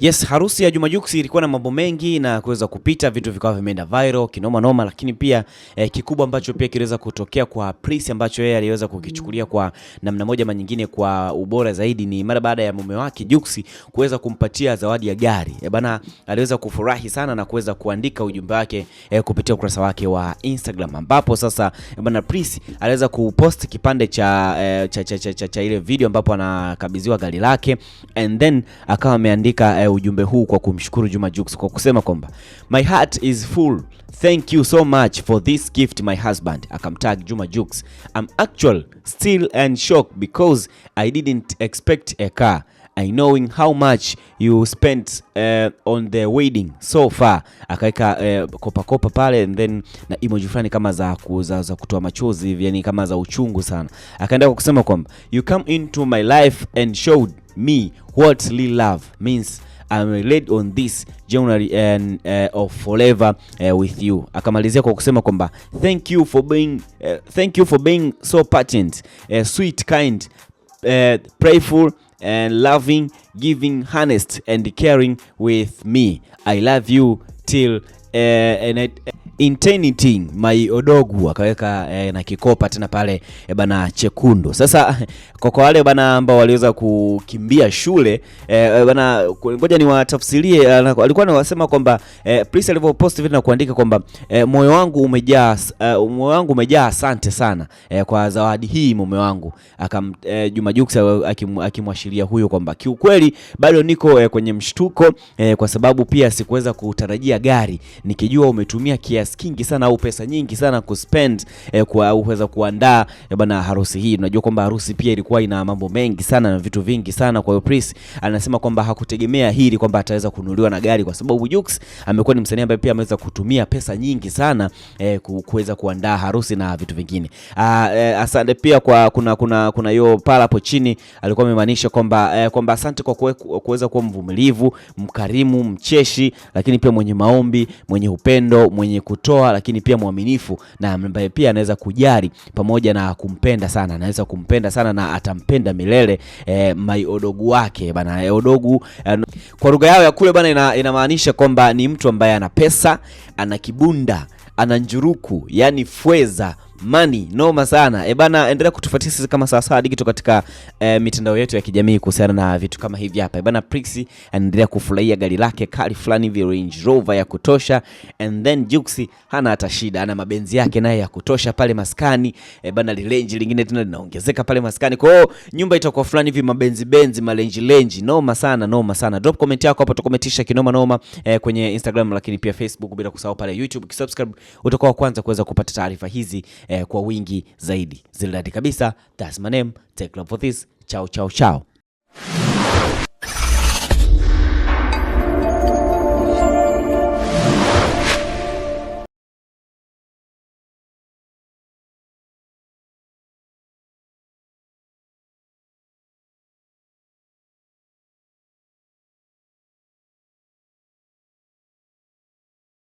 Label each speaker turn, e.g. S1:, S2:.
S1: Yes, harusi ya Juma Jux ilikuwa na mambo mengi na kuweza kupita, vitu vikawa vimeenda viral kinoma noma, lakini pia eh, kikubwa ambacho pia kiliweza kutokea kwa Prince ambacho yeye aliweza kukichukulia kwa namna moja ama nyingine kwa ubora zaidi ni mara baada ya mume wake Jux kuweza kumpatia zawadi ya gari. E bana, aliweza kufurahi sana na kuweza kuandika ujumbe wake eh, kupitia ukurasa wake wa Instagram ambapo sasa e bana, Prince aliweza kupost kipande cha, eh, cha, cha, cha, cha, cha ile video ambapo anakabidhiwa gari lake and then akawa ameandika eh, ya ujumbe huu kwa kumshukuru Juma Jux kwa kusema kwamba my heart is full thank you so much for this gift my husband akamtag Juma Jux I'm actual still and shock because I didn't expect a car I knowing how much you spent uh, on the wedding so far. Akaweka uh, kopa kopa pale and then na emoji fulani kama za kuza za kutoa machozi hivi, yani kama za uchungu sana. kwa kusema kwamba you come into my life and showed me what real love means I'm on this journey and, uh, of forever uh, with you. Akamalizia kwa kusema kwamba thank you for being uh, thank you for being so patient uh, sweet kind uh, prayful and loving giving honest and caring with me I love you till uh, and I, Intenting my Odogu akaweka eh, na kikopa tena pale eh, bana chekundo. Sasa kwa kwa wale bana ambao waliweza kukimbia shule eh, eh bana ngoja niwatafsirie. Eh, Alikuwa anasema kwamba e, eh, Priscilla alivyopost video na kuandika kwamba eh, moyo wangu umejaa eh, moyo wangu umejaa asante sana eh, kwa zawadi hii mume wangu akam eh, Juma Jux akimwashiria huyo kwamba kiukweli bado niko eh, kwenye mshtuko eh, kwa sababu pia sikuweza kutarajia gari nikijua umetumia kiasi kiasi kingi sana au pesa nyingi sana kuspend eh, kwa uweza kuandaa eh, bana harusi hii. Unajua kwamba harusi pia ilikuwa ina mambo mengi sana na vitu vingi sana. Kwa hiyo Pris anasema kwamba hakutegemea hili kwamba ataweza kununuliwa na gari, kwa sababu Jux amekuwa ni msanii ambaye pia ameweza kutumia pesa nyingi sana eh, kuweza kuandaa harusi na vitu vingine. Ah, eh, asante pia kwa kuna kuna kuna hiyo pala hapo chini alikuwa amemaanisha kwamba eh, kwamba asante kwa kuweza kuwa mvumilivu, mkarimu, mcheshi, lakini pia mwenye maombi, mwenye upendo, mwenye kutu kutoa, lakini pia mwaminifu na ambaye pia anaweza kujali pamoja na kumpenda sana, anaweza kumpenda sana na atampenda milele eh, Mai Odogu wake bana. Eh, odogu eh, kwa lugha yao ya kule bana ina, inamaanisha kwamba ni mtu ambaye ana pesa, ana kibunda, ana njuruku, yani fweza Mani noma sana e bana, endelea kutufuatia sisi kama Sawasawa digito katika e, mitandao yetu ya kijamii kuhusiana na vitu kama hivi hapa. E bana, Prix anaendelea kufurahia gari lake kali fulani hivi Range Rover ya kutosha, and then juksi hana hata shida, ana mabenzi yake naye ya kutosha pale maskani. E bana, lilenji lingine tena linaongezeka pale maskani, kwa hiyo nyumba itakuwa fulani hivi mabenzi benzi malenji lenji, noma sana noma sana. Drop comment yako hapo, tukometisha kinoma noma e, kwenye Instagram lakini pia Facebook, bila kusahau pale YouTube. kisubscribe utakuwa wa kwanza kuweza kupata taarifa hizi eh, kwa wingi zaidi. Zildad kabisa, that's my name, take love for this, chao chao chao.